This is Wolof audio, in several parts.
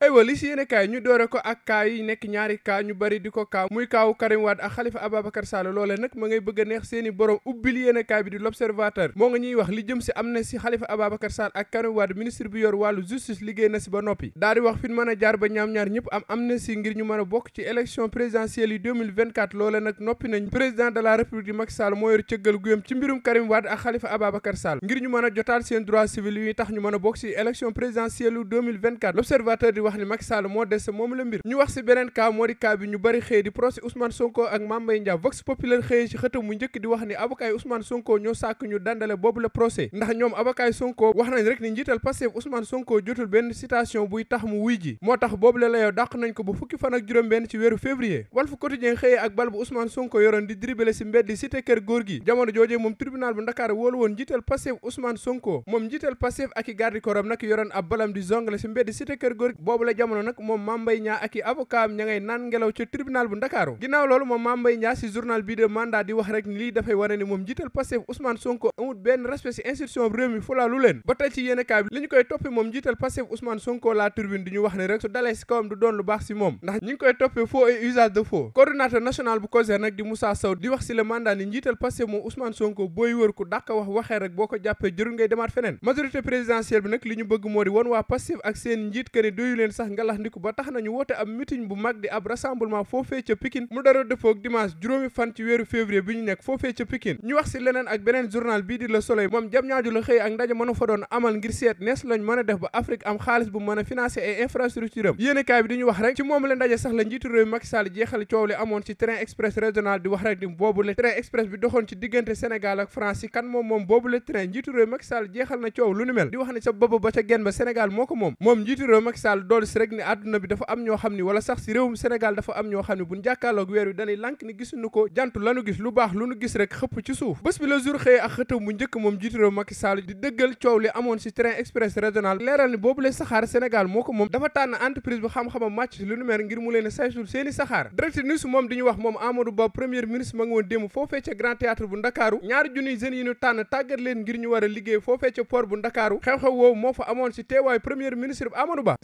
aywa li si yéen kaay ñu doore ko ak kaa yi nekk ñaari kaa ñu bari di ko kaa muy kaawu Karim ak Khalifa Ababacar Sall loole nag ma ngay bëgg a neex seeni borom ubbil yéen kaay bi di l'observateur moo nga ñuy wax li jëm si am na si Khalifa ak Karim ministre bi yor wàllu justice liggéey na si ba noppi daal wax fi mën a jaar ba ñaam ñaar ñëpp am am na si ngir ñu mën a bokk ci élection présidentielle yi 2024 loole nag noppi nañ président a jotaal seen droit civil yi tax ñu mën a bokk si élection wax ne Macky moo des moom la mbir ñu wax si beneen cas moo di ñu bëri xëy di procès Ousmane Sonko ak Mame Mbaye Niang Vox Populaire xëy si mu njëkk di wax ni avocat yi Sonko ñoo sàkk ñu dandale boobu la procès ndax ñoom avocat Sonko wax nañ rek ni njiital Pastef Ousmane Sonko jotul benn citation buy tax mu wuy ji moo tax boobu la layoo dàq nañ ko ba fukki fan juróom benn ci weeru février Walf Quotidien xëyee ak bal boobu la jamono nag moom Mame Mbaye Niang ak i avocat am ña naan ngelaw ca tribunal bu Ndakaaru ginnaaw loolu moom Mame Mbaye Niang journal bii de di wax rek lii dafay wane ni moom njiital Pastef Ousmane Sonko amul benn respect si institution réew mi fulaalu leen ba ci yéene kaay koy toppee faux et usage de faux coordonnateur national bu COJER nag di Moussa Sow di wax si le mandat ni njiital Pastef moom Ousmane Sonko booy wër ku dàq wax waxee leen sax nga lax ndiku ba tax nañu woote ab meeting bu mag di ab rassemblement foofee ca Pikine mu dara dëppoog dimanche juróomi fan ci weeru février bi ñu nekk foofee ca Pikine ñu wax si leneen ak beneen journal bii di Le Soleil moom jam la xëy ak ndaje mënu fa doon amal ngir seet nees lañ mën a def ba Afrique am xaalis bu mën a financer ay infrastructure am yéenekaay bi di ñu wax rek ci moom la ndaje sax la njiitu réew Macky jeexal coow li amoon ci train na coow lu ni mel di wax ne sa bopp ba ca loolu si rek ne àdduna bi dafa am ñoo xam ni wala sax si réewum Sénégal dafa am ñoo xam ni buñ jàkkaarloog weer wi dañuy lànk ni gisuñu ko jant lanu gis lu baax lu nu gis rek xëpp ci suuf bés bi la jour xëyee ak xëtam bu njëkk moom jiitu réew Macky Sall di dëggal coow li amoon si train express régional leeral ni boobu lay saxaar Sénégal moo ko moom dafa tànn entreprise bu xam a màcc si lu nu mer ngir mu leen saytul seen i saxaar direct news moom di ñu wax moom Amadou Ba ma ngi woon démb foofee ca Grand Théâtre bu Ndakaaru ñaari junniy jeunes yi tàggat leen ngir ñu war a liggéey foofee ca port bu Ndakaaru xew-xew moo fa amoon si teewaay premier ministre Amadou Ba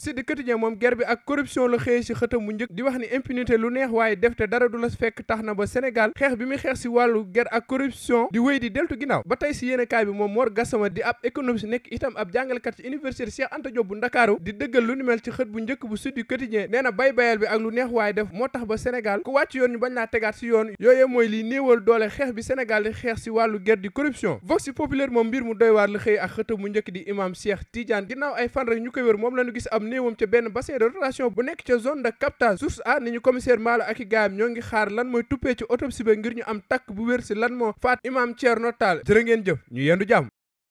quotidien moom guerre bi ak corruption la xëye si xëtam mu njëkk di wax ni impunité lu neex waaye def te dara du la fekk tax na ba Sénégal xeex bi muy xeex si wàllu guerre ak corruption di wéy di deltu ginnaaw ba tey si yéenekaay bi moom Mor Gassama di ab économiste nekk itam ab jàngalekat ci université Cheikh Anta Diop bu Ndakaaru di dëggal lu ni ci xët bu njëkk bu sud du quotidien bay bayal bi ak lu neex waaye def moo tax ba Sénégal ku wàcc yoon ñu bañ laa benn bassin de rotation bu nekk ca zone de captage source a ni ñu commissaire Mballo ak i gaayam ñoo ngi xaar lan mooy tuppee ci autopsie ba ngir ñu am takk bu wér lan moo faat imam Thierno Tall jërë ngeen jëf ñu yendu jàmm